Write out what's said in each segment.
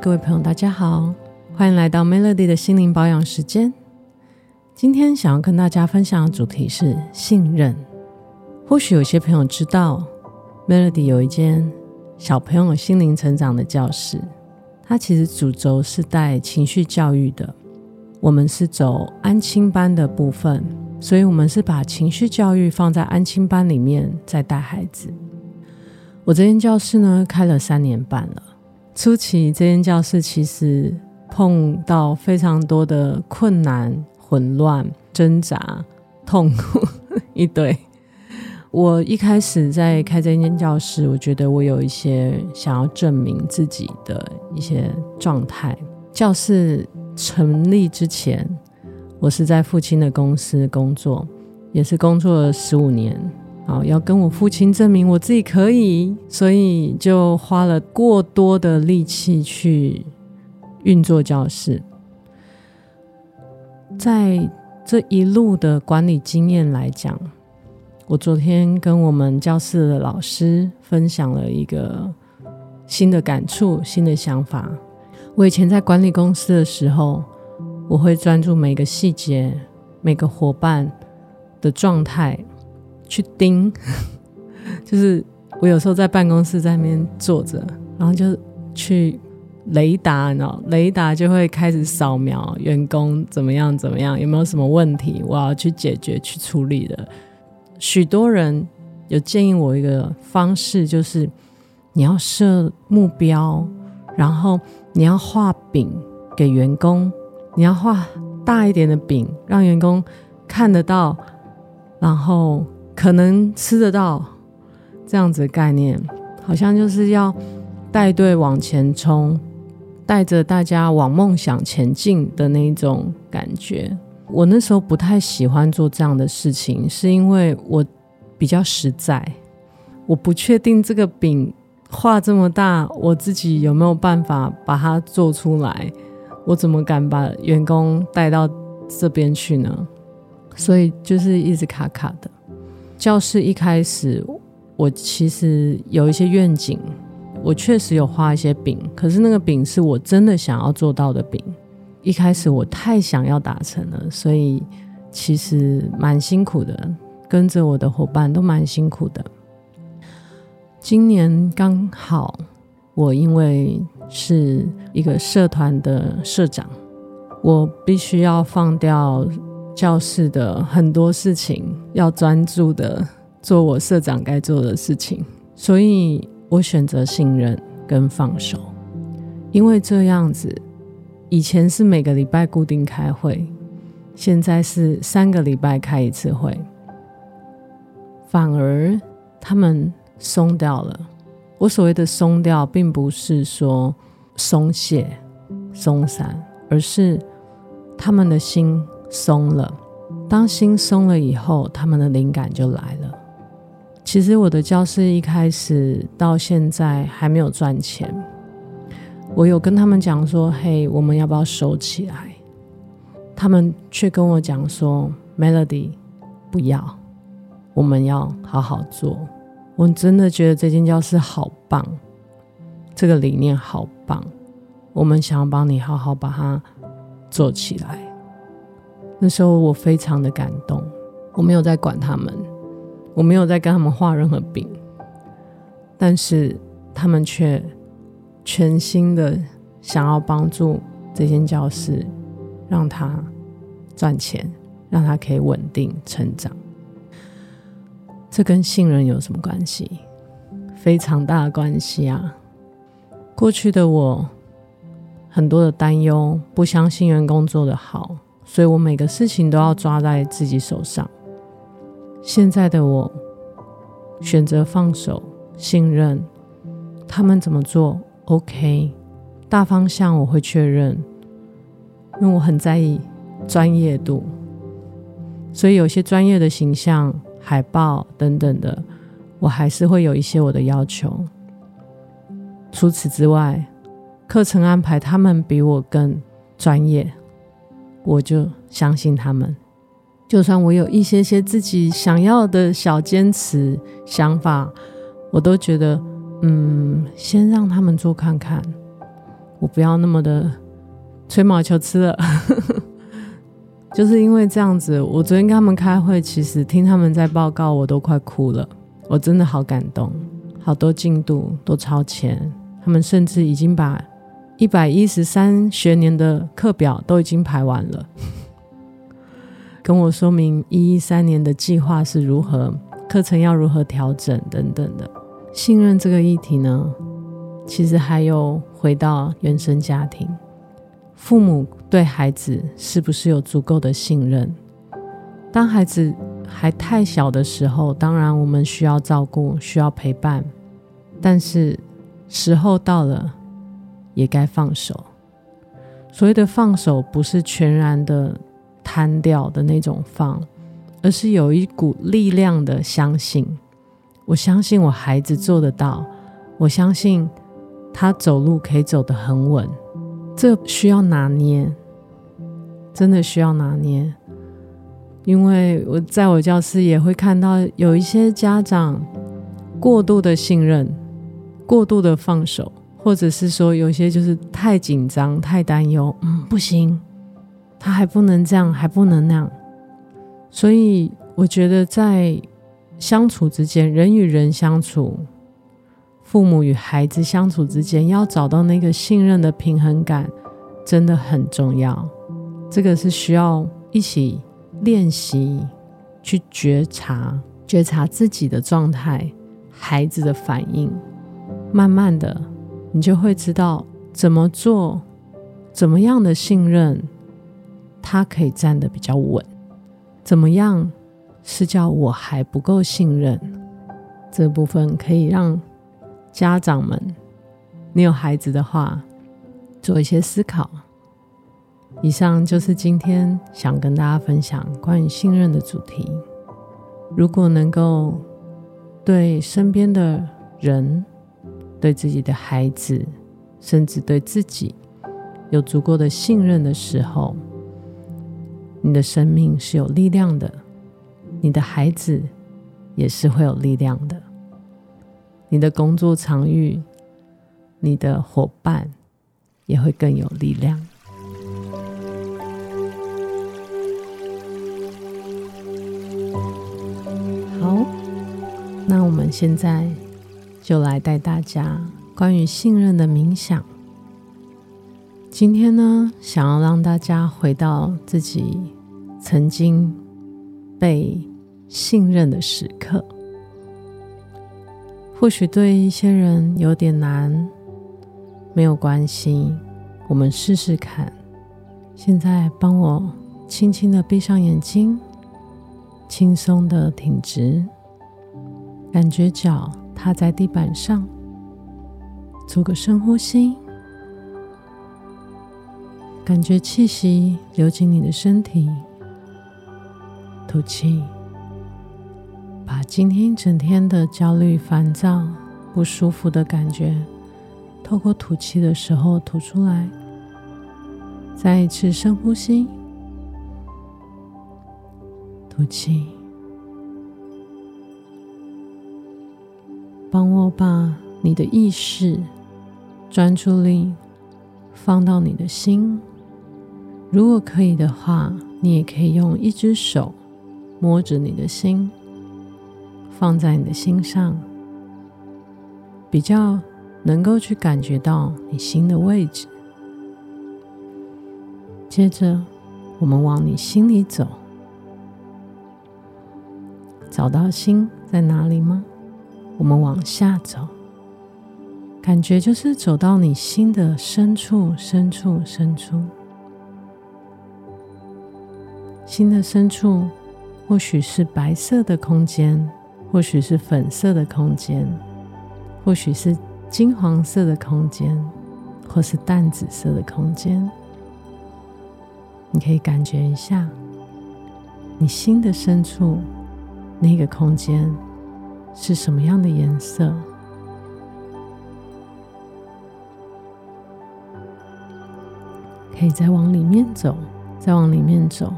各位朋友，大家好，歡迎來到 Melody 的心靈保養時間。今天想要跟大家分享的主題是信任。或許有些朋友知道，Melody 有一間小朋友心靈成長的教室，它其實主軸是帶情緒教育的。我們是走安親班的部分，所以我們是把情緒教育放在安親班裡面再帶孩子。我這間教室呢，開了三年半了。初期這間教室其實碰到非常多的困難、混亂、掙扎、痛苦一堆。我一開始在開這間教室，我覺得我有一些想要證明自己的一些狀態。教室成立之前，我是在父親的公司工作，也是工作了十五年。好，要跟我父親證明我自己可以，所以就花了過多的力氣去運作教室。在這一路的管理經驗來講，我昨天跟我們教室的老師分享了一個新的感觸、新的想法。我以前在管理公司的時候，我會專注每個細節、每個夥伴的狀態。去盯，就是我有時候在辦公室在那邊坐着，然後就去雷達，然後雷達就會開始掃描員工怎麼樣怎麼樣，有沒有什麼問題，我要去解決去處理的。許多人有建議我一個方式，就是你要設目標，然後你要畫餅給員工，你要畫大一點的餅，讓員工看得到，然後，可能吃得到這樣子的概念，好像就是要帶隊往前衝，帶着大家往夢想前進的那一種感覺。我那時候不太喜歡做這樣的事情，是因為我比較實在，我不確定這個餅畫這麼大，我自己有沒有辦法把它做出來，我怎麼敢把員工帶到這邊去呢？所以就是一直卡卡的。教室一開始，我其實有一些願景，我確實有畫一些餅，可是那個餅是我真的想要做到的餅。一開始我太想要達成了，所以其實蠻辛苦的，跟着我的夥伴都蠻辛苦的。今年剛好，我因為是一個社團的社長，我必須要放掉。教室的很多事情要專注的做，我社長該做的事情，所以我選擇信任跟放手。因為這樣子，以前是每個禮拜固定開會，現在是三個禮拜開一次會，反而他們鬆掉了。我所謂的鬆掉，並不是說鬆懈、鬆散，而是他們的心。鬆了，當心鬆了以後，他們的靈感就來了。其實我的教室一開始到現在還沒有賺錢，我有跟他們講說：“嘿，我們要不要收起來？”他們卻跟我講說：“Melody，不要，我們要好好做。”我真的覺得這間教室好棒，這個理念好棒，我們想要幫你好好把它做起來。那時候我非常的感動，我沒有在管他們，我沒有在跟他們畫任何餅，但是他們卻全心的想要幫助這間教室，讓他賺錢，讓他可以穩定成長。這跟信任有什麼關係？非常大的關係啊！過去的我很多的擔憂，不相信員工做得好。所以我每個事情都要抓在自己手上。現在的我選擇放手，信任他們怎麼做，OK。大方向我會確認，因為我很在意專業度。所以有些專業的形象、海報等等的，我還是會有一些我的要求。除此之外，課程安排他們比我更專業。我就相信他們，就算我有一些些自己想要的小堅持想法，我都覺得，嗯，先讓他們做看看，我不要那麼的吹毛求疵了。 就是因為這樣子，我昨天跟他們開會，其實聽他們在報告，我都快哭了，我真的好感動，好多進度都超前，他們甚至已經把。一百一十三學年的課表都已經排完了， 跟我說明一一三年的計劃是如何，課程要如何調整等等的。信任這個議題呢，其實還有回到原生家庭，父母對孩子是不是有足夠的信任？當孩子還太小的時候，當然我們需要照顧，需要陪伴，但是時候到了。也該放手。所謂的放手，不是全然的攤掉的那種放，而是有一股力量的相信。我相信我孩子做得到，我相信他走路可以走得很穩。這需要拿捏，真的需要拿捏。因為我在我教室也會看到有一些家長過度的信任，過度的放手。或者是說，有些就是太緊張、太擔憂，嗯，不行，他還不能這樣，還不能那樣。所以，我覺得在相處之間，人與人相處，父母與孩子相處之間，要找到那個信任的平衡感，真的很重要。這個是需要一起練習、去覺察、覺察自己的狀態、孩子的反應，慢慢的。你就會知道怎麼做，怎麼樣的信任，他可以站得比較穩。怎麼樣是叫我還不夠信任？這個部分可以讓家長們，你有孩子的話，做一些思考。以上就是今天想跟大家分享關於信任的主題。如果能夠對身邊的人。對自己的孩子，甚至對自己有足夠的信任的時候，你的生命是有力量的，你的孩子也是會有力量的，你的工作場域，你的夥伴也會更有力量。好，那我們現在。就來帶大家關於信任的冥想。今天呢，想要讓大家回到自己曾經被信任的時刻。或許對一些人有點難，沒有關係，我們試試看。現在幫我輕輕的閉上眼睛，輕鬆的挺直，感覺腳，趴在地板上，做個深呼吸，感覺氣息流進你的身體，吐氣，把今天整天的焦慮、煩躁、不舒服的感覺，透過吐氣的時候吐出來。再一次深呼吸，吐氣。幫我把你的意識、專注力放到你的心。如果可以的話，你也可以用一隻手摸着你的心，放在你的心上，比較能夠去感覺到你心的位置。接着，我們往你心裡走。找到心在哪裡嗎？我們往下走，感覺就是走到你心的深處，深處，深處。心的深處，或許是白色的空間，或許是粉色的空間，或許是金黃色的空間，或是淡紫色的空間。你可以感覺一下，你心的深處，那個空間。是什麼樣的顏色？可以再往裡面走，再往裡面走。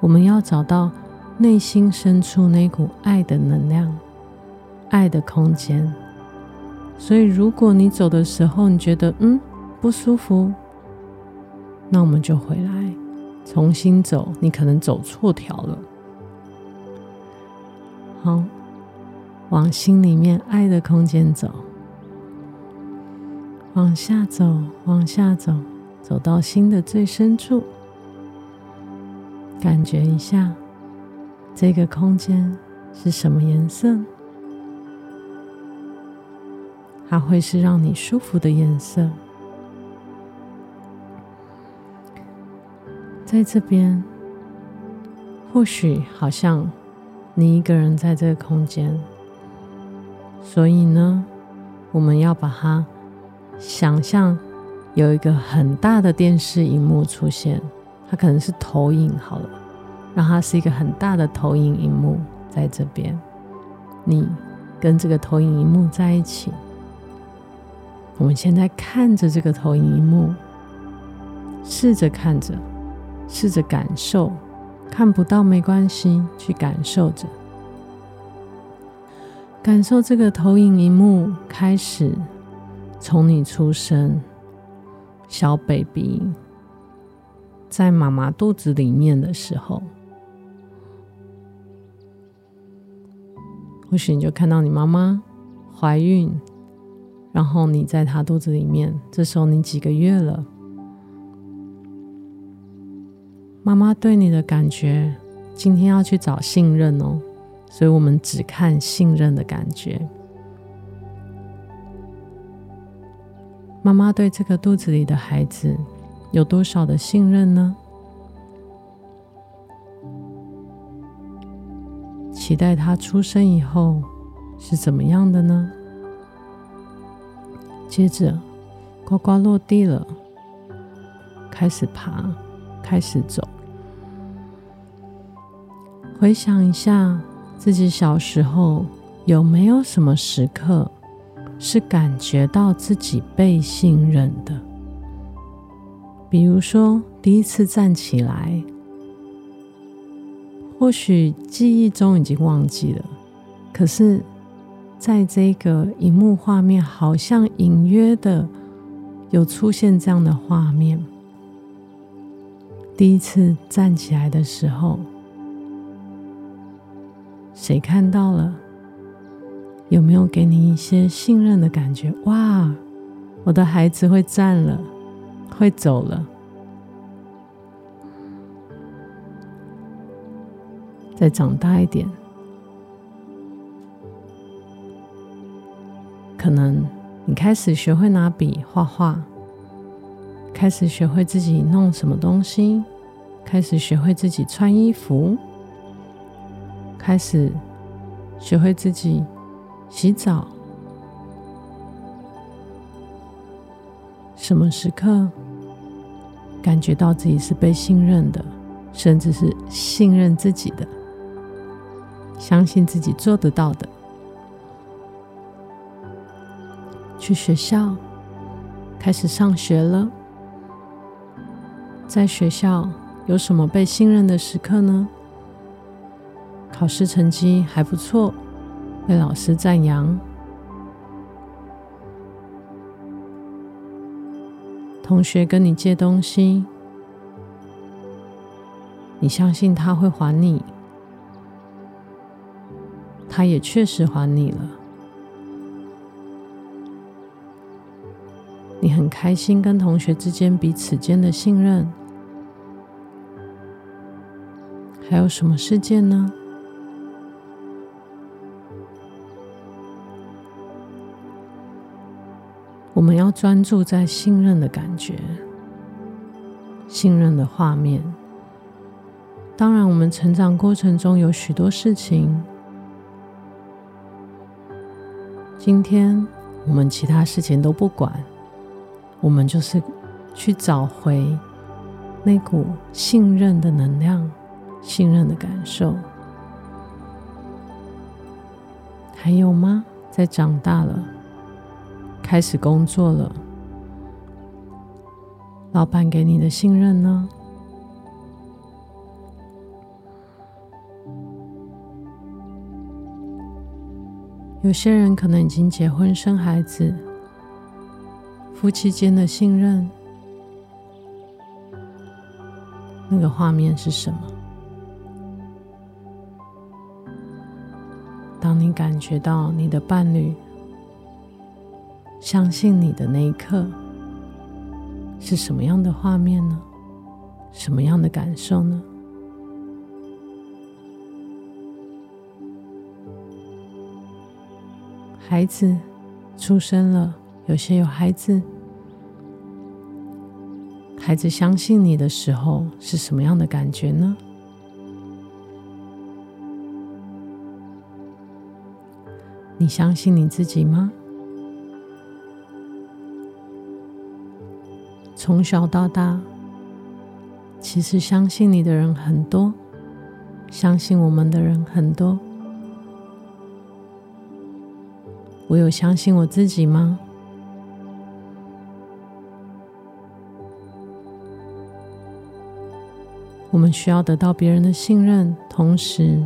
我們要找到內心深處那股愛的能量、愛的空間。所以，如果你走的時候你覺得嗯不舒服，那我們就回來重新走。你可能走錯條了。好。往心裡面愛的空間走，往下走，往下走，走到心的最深處，感覺一下這個空間是什麼顏色？它會是讓你舒服的顏色。在這邊，或許好像你一個人在這個空間。所以呢，我們要把它想象有一個很大的電視熒幕出現，它可能是投影好了，讓它是一個很大的投影熒幕在這邊。你跟這個投影熒幕在一起，我們現在看着這個投影熒幕，試着看着，試着感受，看不到沒關係，去感受着。感受這個投影螢幕開始，從你出生，小 baby 在媽媽肚子裡面的時候，或許你就看到你媽媽懷孕，然後你在她肚子裡面，這時候你幾個月了？媽媽對你的感覺，今天要去找信任哦。所以我們只看信任的感覺。媽媽對這個肚子裡的孩子有多少的信任呢？期待他出生以後是怎麼樣的呢？接着呱呱落地了，開始爬，開始走。回想一下。自己小時候有沒有什麼時刻是感覺到自己被信任的？比如說第一次站起來，或許記憶中已經忘記了，可是在這個螢幕畫面，好像隱約的有出現這樣的畫面。第一次站起來的時候。誰看到了？有沒有給你一些信任的感覺？哇，我的孩子會站了，會走了。再長大一點。可能你開始學會拿筆畫畫，開始學會自己弄什麼東西，開始學會自己穿衣服。開始學會自己洗澡。什麼時刻感覺到自己是被信任的，甚至是信任自己的，相信自己做得到的？去學校，開始上學了。在學校有什麼被信任的時刻呢？考試成績還不錯，被老師讚揚。同學跟你借東西，你相信他會還你，他也確實還你了。你很開心跟同學之間彼此間的信任。還有什麼事件呢？我們要專注在信任的感覺、信任的畫面。當然，我們成長過程中有許多事情。今天我們其他事情都不管，我們就是去找回那股信任的能量、信任的感受。還有嗎？在長大了。開始工作了，老闆給你的信任呢？有些人可能已經結婚生孩子，夫妻間的信任，那個畫面是什麼？當你感覺到你的伴侶。相信你的那一刻是什麼樣的畫面呢？什麼樣的感受呢？孩子出生了，有些有孩子，孩子相信你的時候是什麼樣的感覺呢？你相信你自己嗎？從小到大，其實相信你的人很多，相信我們的人很多。我有相信我自己嗎？我們需要得到別人的信任，同時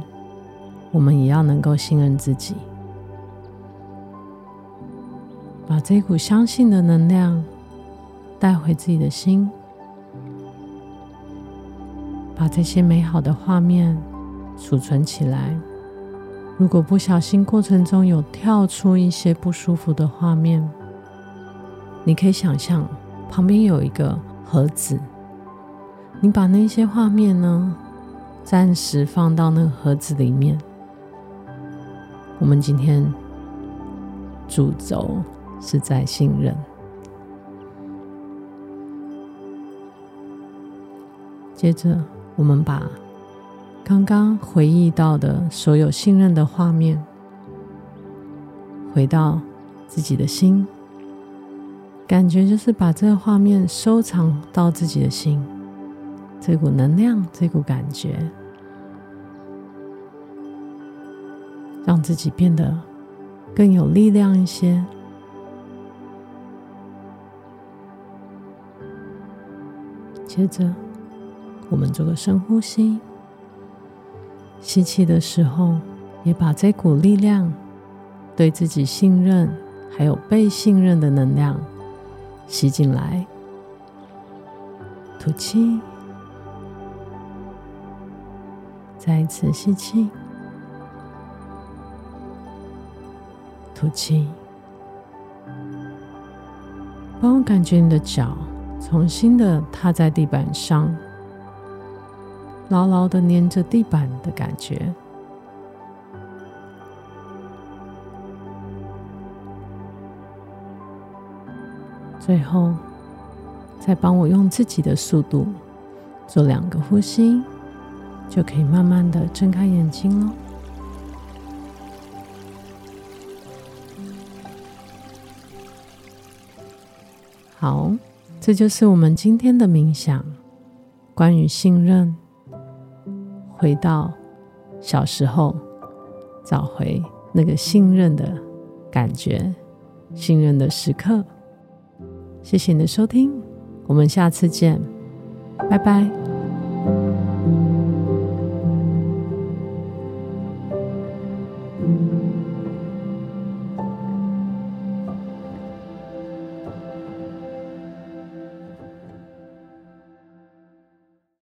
我們也要能夠信任自己。把這股相信的能量，帶回自己的心，把這些美好的畫面儲存起來。如果不小心過程中有跳出一些不舒服的畫面，你可以想象旁邊有一個盒子，你把那些畫面呢，暫時放到那個盒子裡面。我們今天主軸是在信任。接着，我們把剛剛回憶到的所有信任的畫面，回到自己的心，感覺就是把這個畫面收藏到自己的心，這股能量，這股感覺，讓自己變得更有力量一些。接着。我們做個深呼吸，吸氣的時候，也把這股力量對自己信任還有被信任的能量吸進來。吐氣，再一次吸氣，吐氣。幫我感覺你的腳重新的踏在地板上。牢牢的粘着地板的感覺。最後，再幫我用自己的速度做兩個呼吸，就可以慢慢的睜開眼睛了。好，這就是我們今天的冥想，關於信任。回到小時候，找回那個信任的感覺，信任的時刻。謝謝你的收聽，我們下次見，拜拜。